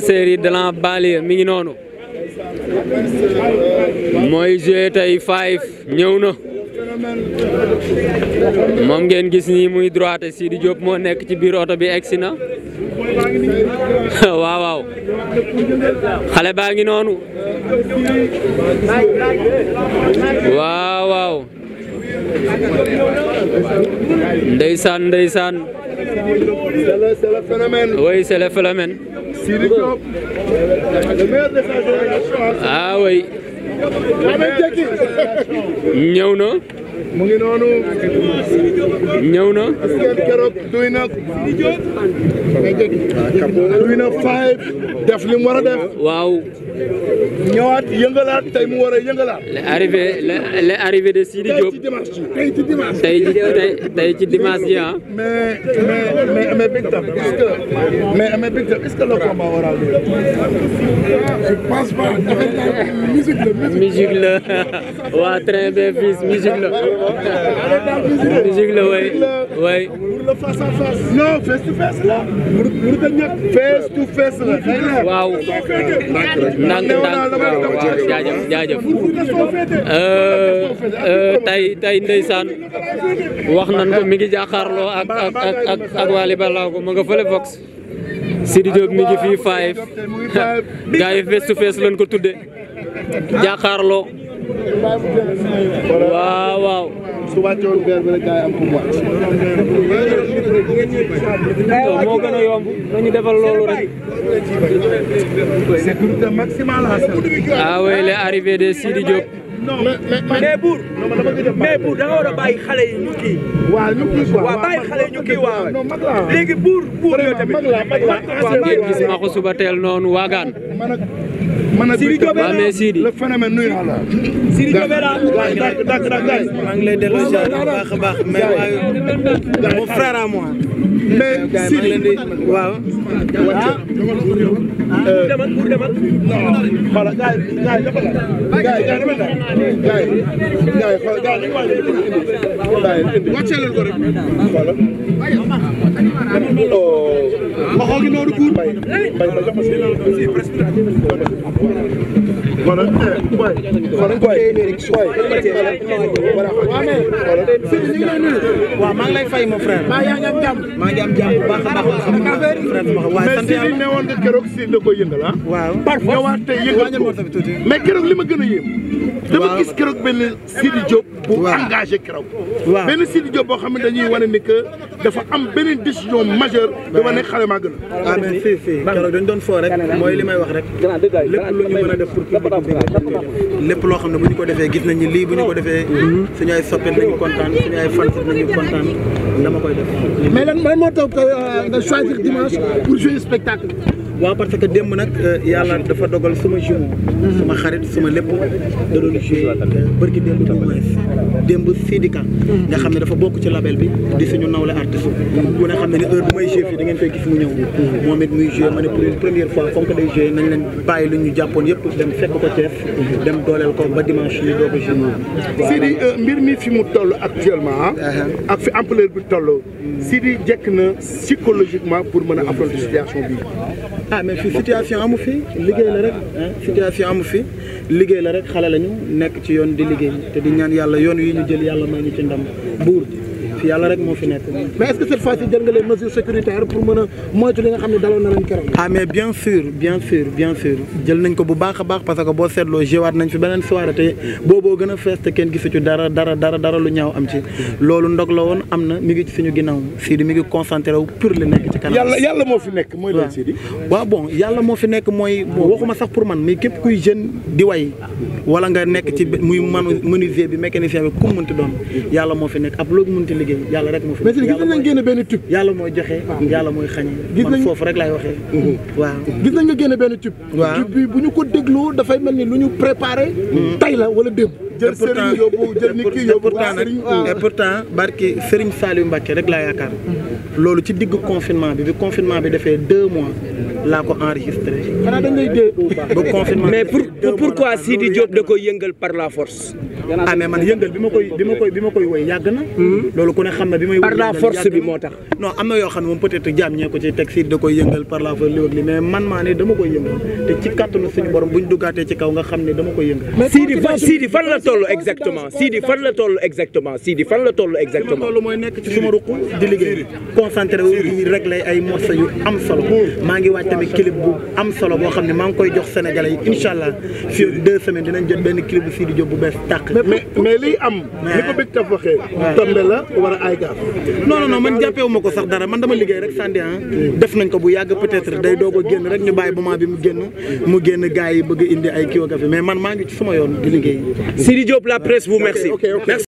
série de la banlieue mi ngi noonu mooy joué tey five ñëw na moom ngeen gis nii muy droite Sidi Diop moo nekk ci biir oto bi egsi na waaw waaw xale baa ngi noonu waaw waaw ndeysaan ndeysaan oui c'est le phénomène Sidi Diop. ah oui. ñëw na. mu ngi na. keroog duy na. duy na faay def li de ci dimanche tey tey ci dimanche ji ah. mais mais mais la waa train de fils musique la. musique la way way waaw ndànk ndànk waaw jaajëf tay euh, euh, tay ndeysaan wax nañ mi ngi jàkkaarloo ak ak ak ak ma nga fële Vox Sidi Diop mi ngi fii five gars face to face lañ ko tudde jàkkaarloo waaw waaw. su wàccoon benn benn gars yi am pour moo gën a yomb nañu defal loolu rek. sécurité maximale à ah de Sidi Diop. non buur mais buur da nga a bàyyi xale yi ñu kii. waaw ñu kii quoi buur buur yooyu tamit. mag la mag la mag la mag man nag bii tam waaw mais Sidi le phénomène nuyu naa la. Sidi Diop la waaye dàq dàq dàq dàq. maa ngi lay delloo ziar bu baax a baax mais waaye mon frère à moi. mais Sidi waaw. ah demal pour demal. non voilà gars yi gars yi dafa la gars yi gars yi dafa la gars yi gars yi xool gars yi xool indi. wàccee leen ko rek. voilà. moo ngi noonu buur mana boy mana boy waaw maa ngi lay fay ma frère maa ngi am jàmm maa ngi am jàmm bu baax a baax xam nga frère ma waaw sant yàlla mais nga keroog si da koy yëngal ah waaw parfois ñëwaat tey yëngal ko gën a yéem dama gis keroog benn Sidi Diop bu engagé keroog benn Sidi Diop boo xam ne dañuy wane ni que dafa am beneen décision majeure dama ne xale maa gën ah mais fii fii dañ doon foo rek mooy li wax rek lépp lu ñu mën def lépp loo xam ne bu ñu ko defee gis nañ lii bu ñu ko mm-hmm. defee suñu ay soppe nañu kontaan suñu ay fans nañu kontaan dama koy def mais lan moo tax euh, nga choisir dimanche pour jouer spectacle waaw parce que démb nag euh, yàlla dafa dogal suma jumeau. Mhm. suma xarit suma lépp da doon joué bërki démb du moins démb Sidika mhm. nga xam ne dafa bokk ci label bi di suñu nawle artiste mhm. ku ne xam ne ne heure may joué fii gis mu ñëw moom it muy joué ma ne pour une première fois comme que day joué nañ leen bàyyi lu ñu jàppoon yëpp dem fekk ko Thiès dem dooleel ko ba dimanche ñu doog a joué euh, mbir mi fi mu toll actuellement ah, uh-huh. ak fi bu bi toll Sidi jekk na psychologiquement pour mën a affronter situation bi ah mais fii situation amu fi liggéey la rek situation amu fi liggéey la rek xale lañu nekk ci yoon di liggéey te di ñaan yàlla yoon yi ñu jël yàlla may ñu ci ndam buur fi yàlla rek moo fi nekk. mais est-ce que cette fois-ci jël nga les mesures a na leen keroog. ah mais bien sûr bien fi mi ngi ci suñu ginnaaw Sidi mi ngi concentré wu pour moo fi nekk mooy lan Sidi. waaw bon yàlla waxuma sax pour man mais képp kuy jeune di way wala nga nekk ci muy menuisier bi mécanicien bi ku mu mënti doon yàlla moo fi nekk ab loo mënti liggéey yàlla rek moo fi. mais gis nañ génne benn tube. yàlla mooy joxe yàlla mooy xañe. gis nañ foofu rek laay waxee. Mhm. waaw gis nañ nga génne benn tube. waaw bi bu ñu ko dégloo dafay mel ni lu ñu préparé. Mhm. tey la wala démb. jël sëriñ yóbbu jël nit ki yóbbu waaw et pourtant barki Serigne Saliou Mbacke rek laa yaakaar. Mhm. loolu ci diggu confinement bi bi confinement bi defee deux mois laa ko enregistré. xanaa dañ lay dee. ba confinement mais pour pourquoi Sidi Diop da koy yëngal par la force. ah mais man yëngal bi ma koy bi ma koy bi ma koy woy yàgg na. Hmm. loolu ku ne xam na bi may. par la force bi moo tax. non am na yoo xam ne moom peut-être jaam ñee ko ci teg si da koy yëngal par la force li wëg li mais man maa ne dama koy yëngal te ci kàttanu suñu borom buñ duggaatee ci kaw nga xam ne dama koy yëngal. Sidi fan Sidi fan la toll exactement Sidi fan la toll exactement Sidi fan la toll exactement. loolu mooy nekk ci suma ruq di liggéey concentré wu ñu réglé ay morceaux yu am solo hmm. maa ngi waaj tamit clip bu am solo boo xam ne maa ngi koy jox sénégalais yi incha allah fii deux semaines dinañ jot benn clip bu Sidi Diop bu bees tàq mais mais liy am. ni ko bëgg taf waxee. tombe la war ay gaaf. non non non man jàppewu ma ko sax dara man dama liggéey rek sànni ah. def nañ ko bu yàgg peut-être day doog a génn rek ñu bàyyi ma bi mu génn mu génn gars yi bëgg indi ay kio kii mais man maa ngi ci sama yoon di liggéey. Sidi Diop la presse vous merci.